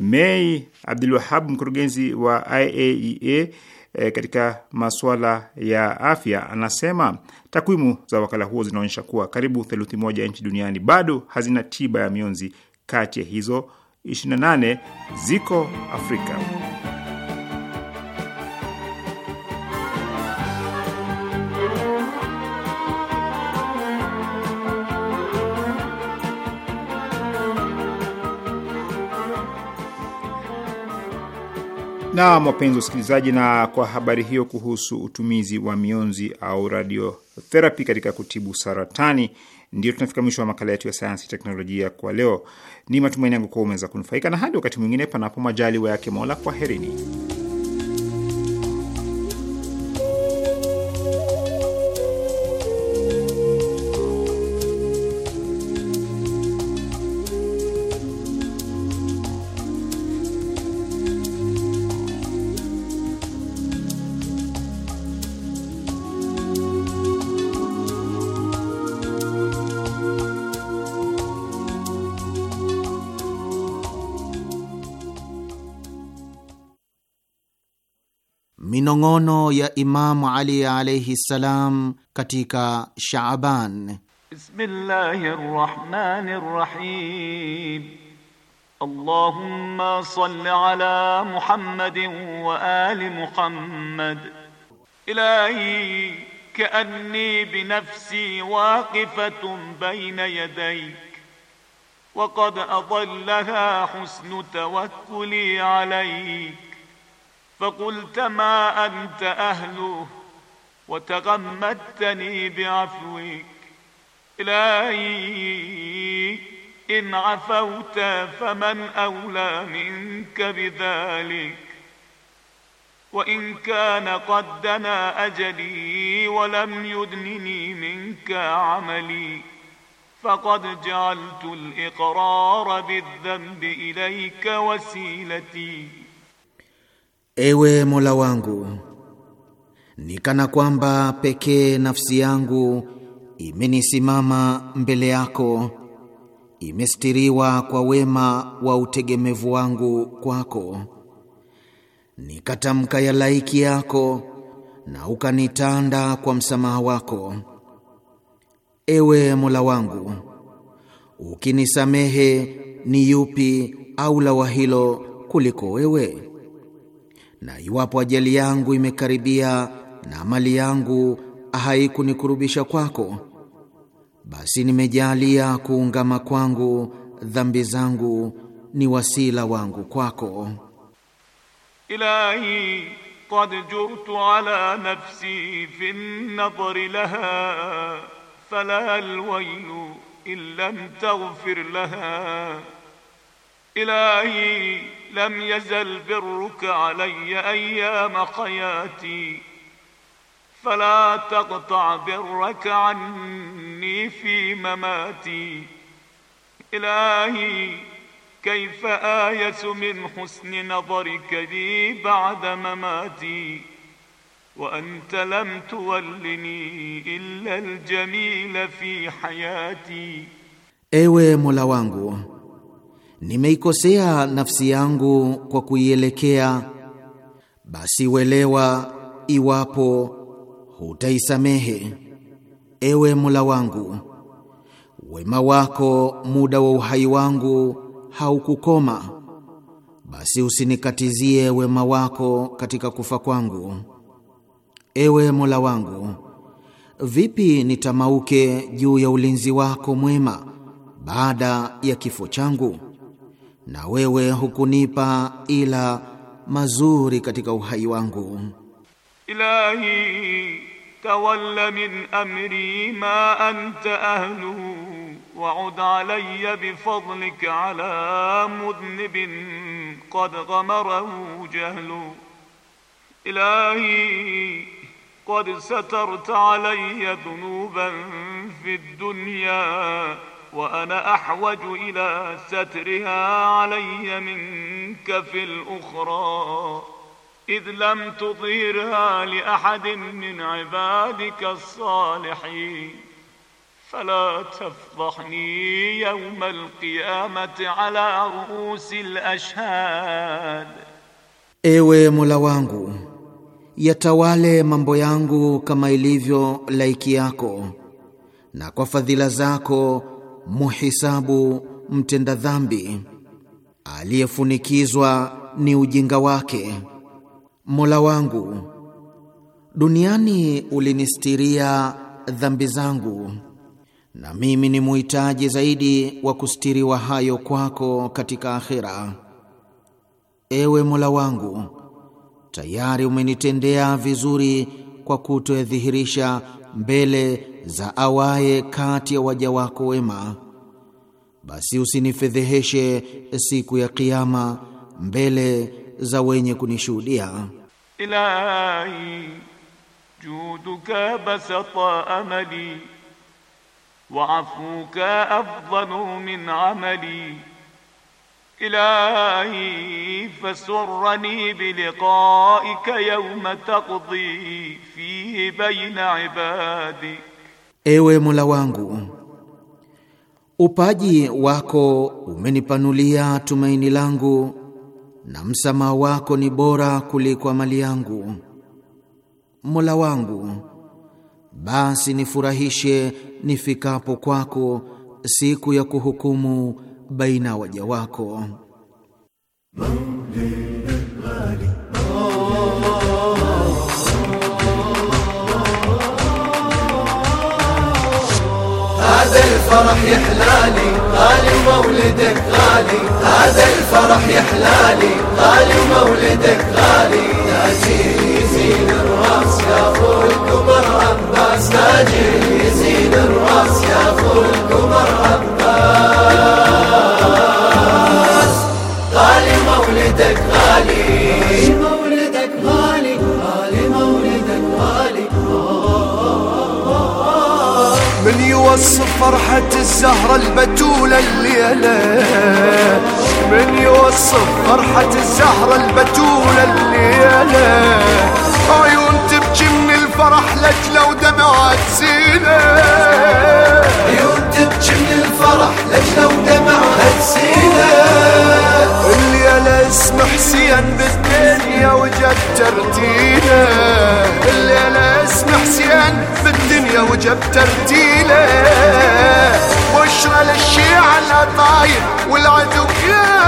[SPEAKER 6] Mei abdul wahabu mkurugenzi wa IAEA e, eh, katika masuala ya afya, anasema takwimu za wakala huo zinaonyesha kuwa karibu theluthi moja ya nchi duniani bado hazina tiba ya mionzi. Kati ya hizo 28 ziko Afrika. na wapenzi wasikilizaji, na kwa habari hiyo kuhusu utumizi wa mionzi au radiotherapy katika kutibu saratani, ndio tunafika mwisho wa makala yetu ya sayansi teknolojia kwa leo. Ni matumaini yangu kuwa umeweza kunufaika, na hadi wakati mwingine, panapo majaliwa yake Mola, kwaherini.
[SPEAKER 7] minong'ono ya Imamu Ali alaihi ssalam katika Shaaban.
[SPEAKER 8] Bismillahi rahmani rahim. Allahumma salli ala Muhammadin wa ali Muhammad. Ilahi kaanni binafsi waqifatun bayna yadayk وقد أضلها حسن توكلي عليك فقلت ما أنت أهله وتغمدتني بعفوك إلهي إن عفوت فمن أولى منك بذلك وإن كان قد دنا أجلي ولم يدنني منك عملي فقد جعلت الإقرار بالذنب إليك وسيلتي
[SPEAKER 7] Ewe Mola wangu, nikana kwamba pekee nafsi yangu imenisimama mbele yako, imestiriwa kwa wema wa utegemevu wangu kwako, nikatamka ya laiki yako na ukanitanda kwa msamaha wako. Ewe Mola wangu, ukinisamehe ni yupi au la wa hilo kuliko wewe? na iwapo ajali yangu imekaribia na amali yangu haikunikurubisha kwako, basi nimejaalia kuungama kwangu dhambi zangu ni wasila wangu kwako.
[SPEAKER 8] Ilahi qad jurtu ala nafsi fi nadhri laha fala alwaylu illam taghfir laha ilahi لم يزل برك علي أيام حياتي فلا تقطع برك عني في مماتي إلهي كيف آيس من حسن نظرك لي بعد مماتي وأنت لم تولني إلا الجميل في حياتي
[SPEAKER 7] أيوة مولا wangu nimeikosea nafsi yangu kwa kuielekea, basi welewa iwapo hutaisamehe. Ewe Mola wangu, wema wako muda wa uhai wangu haukukoma, basi usinikatizie wema wako katika kufa kwangu. Ewe Mola wangu, vipi nitamauke juu ya ulinzi wako mwema baada ya kifo changu? na wewe hukunipa ila mazuri katika uhai wangu.
[SPEAKER 8] Ilahi tawalla min amri ma anta ahlu wa waud alayya bifadlika ala mudhnibin qad ghamarahu jahlu ilahi qad satarta alayya dhunuban fi dunya wa ana ahwaju ila satriha alayya minka fil ukhra idh lam tudhirha li ahadin min ibadika as-salihin فلا تفضحني يوم القيامة على رؤوس الأشهاد
[SPEAKER 7] Ewe Mola wangu, yatawale mambo yangu kama ilivyo laiki yako, na kwa fadhila zako muhisabu mtenda dhambi, aliyefunikizwa ni ujinga wake. Mola wangu, duniani ulinistiria dhambi zangu, na mimi ni muhitaji zaidi wa kustiriwa hayo kwako katika akhira. Ewe Mola wangu, tayari umenitendea vizuri kwa kutoyadhihirisha mbele za awaye kati ya waja wako wema, basi usinifedheheshe siku ya Kiyama mbele za wenye kunishuhudia.
[SPEAKER 8] Ilahi juduka basata amali wa afuka afdalu min amali Ilahi fasurrani biliqaika yawma taqdi fihi bayna ibadi
[SPEAKER 7] Ewe Mola wangu, upaji wako umenipanulia tumaini langu, na msamaha wako ni bora kuliko mali yangu. Mola wangu, basi nifurahishe nifikapo kwako siku ya kuhukumu baina waja wako Mawli.
[SPEAKER 3] الفرح يا حلالي غالي مولدك غالي هذا الفرح يا حلالي غالي مولدك غالي تاجيلي يزين الراس يا فول القمر عباس تاجيلي يزين الراس يا فول القمر عباس غالي مولدك غالي يوصف فرحة الزهرة البتولة الليلة من يوصف فرحة الزهرة البتولة الليلة عيون تبكي الفرح لجله ودمعة سينه عيون تبكي من الفرح لجله سينه اللي الليلة اسم حسين بالدنيا وجب ترتيله الليلة اسم حسين بالدنيا وجب ترتيله بشرى للشيعة الأطايب والعدو يا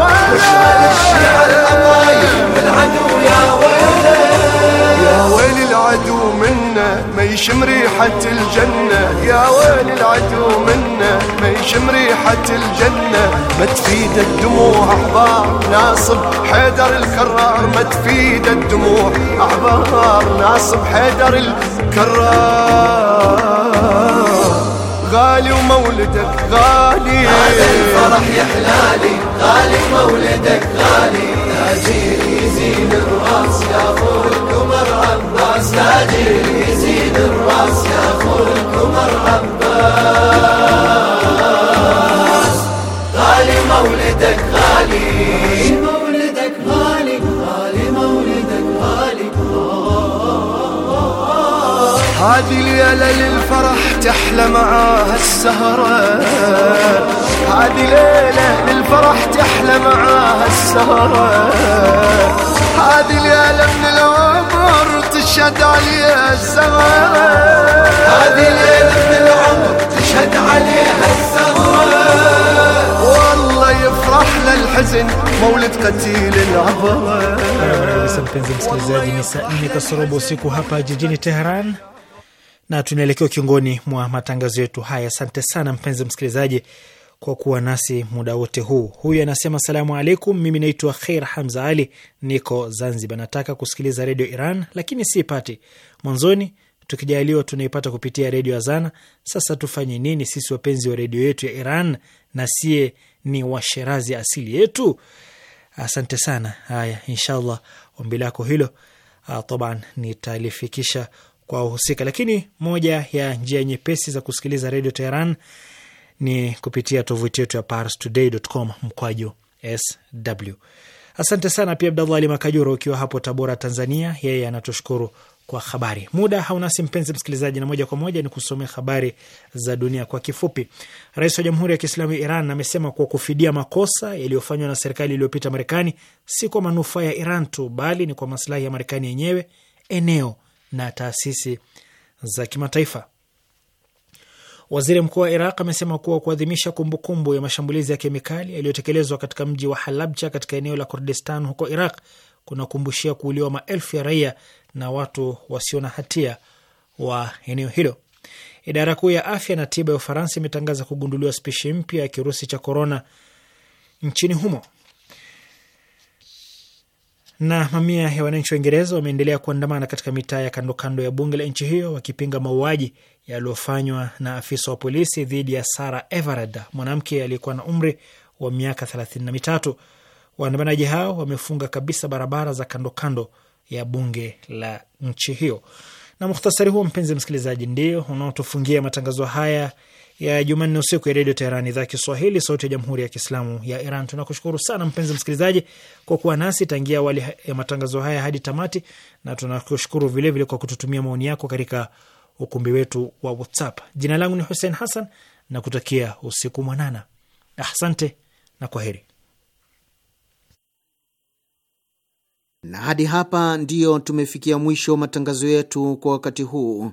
[SPEAKER 3] بشرى للشيعة الأطايب والعدو يا ويلي يا ويل العدو منا ما يشم ريحة الجنة يا ويل العدو منا ما يشم ريحة الجنة ما تفيد الدموع أحبار ناصب حيدر الكرار ما تفيد الدموع أحبار ناصب حيدر الكرار غالي ومولدك غالي هذا الفرح يا حلالي غالي مولدك غالي تاجيري يزيد الراس يا اخو القمر عباس تاجر يزيد الراس يا اخو القمر عباس غالي مولدك غالي هذه ليلة للفرح تحلى معاها السهرة هذه ليلة للفرح تحلى معاها السهرة هذه ليلة من العمر تشهد عليها السهرة هذه ليلة من العمر تشهد عليها السهرة والله يفرح للحزن مولد قتيل
[SPEAKER 2] العبرة Mpenzi msikilizaji, ni saa nne kasorobo usiku hapa jijini Teheran. na tunaelekea ukingoni mwa matangazo yetu haya. Asante sana mpenzi msikilizaji kwa kuwa nasi muda wote huu. Huyu anasema salamu alaikum, mimi naitwa Kheir Hamza Ali, niko Zanzibar, nataka kusikiliza redio Iran lakini si pati Mwanzoni tukijaliwa tunaipata kupitia redio ya Zana. Sasa tufanye nini sisi wapenzi wa redio yetu ya Iran na sie ni Washerazi asili yetu? Asante sana. Haya, inshallah ombi lako hilo ah, taban nitalifikisha kwa wahusika. Lakini moja ya njia nyepesi za kusikiliza redio Teheran ni kupitia tovuti yetu ya parstoday.com mkwaju sw. Asante sana pia Abdallah Ali Makajuro ukiwa hapo Tabora, Tanzania. Yeye anatushukuru kwa habari. Muda haunasi mpenzi msikilizaji, na moja kwa moja ni kusomea habari za dunia kwa kifupi. Rais wa Jamhuri ya Kiislamu ya Iran amesema kuwa kufidia makosa yaliyofanywa na serikali iliyopita Marekani si kwa manufaa ya Iran tu, bali ni kwa maslahi ya Marekani yenyewe, eneo na taasisi za kimataifa. Waziri mkuu wa Iraq amesema kuwa kuadhimisha kumbukumbu ya mashambulizi ya kemikali yaliyotekelezwa katika mji wa Halabja katika eneo la Kurdistan huko Iraq kunakumbushia kuuliwa maelfu ya raia na watu wasio na hatia wa eneo hilo. Idara kuu ya afya na tiba ya Ufaransa imetangaza kugunduliwa spishi mpya ya kirusi cha korona nchini humo. Na mamia ya wananchi wa Uingereza wameendelea kuandamana katika mitaa ya kando kando ya bunge la nchi hiyo wakipinga mauaji yaliyofanywa na afisa wa polisi dhidi ya Sarah Everard, mwanamke aliyekuwa na umri wa miaka thelathini na mitatu. Waandamanaji hao wamefunga kabisa barabara za kando kando ya bunge la nchi hiyo. Na muhtasari huo, mpenzi msikilizaji, ndio unaotufungia matangazo haya ya Jumanne usiku ya Redio Teherani, idhaa Kiswahili, sauti ya Jamhuri ya Kiislamu ya Iran. Tunakushukuru sana mpenzi msikilizaji kwa kuwa nasi tangia awali ya matangazo haya hadi tamati, na tunakushukuru vilevile kwa kututumia maoni yako katika ukumbi wetu wa WhatsApp. Jina langu ni Hussein Hassan na kutakia usiku mwanana. Asante na heri.
[SPEAKER 7] Na hadi hapa ndiyo tumefikia mwisho matangazo yetu kwa wakati huu.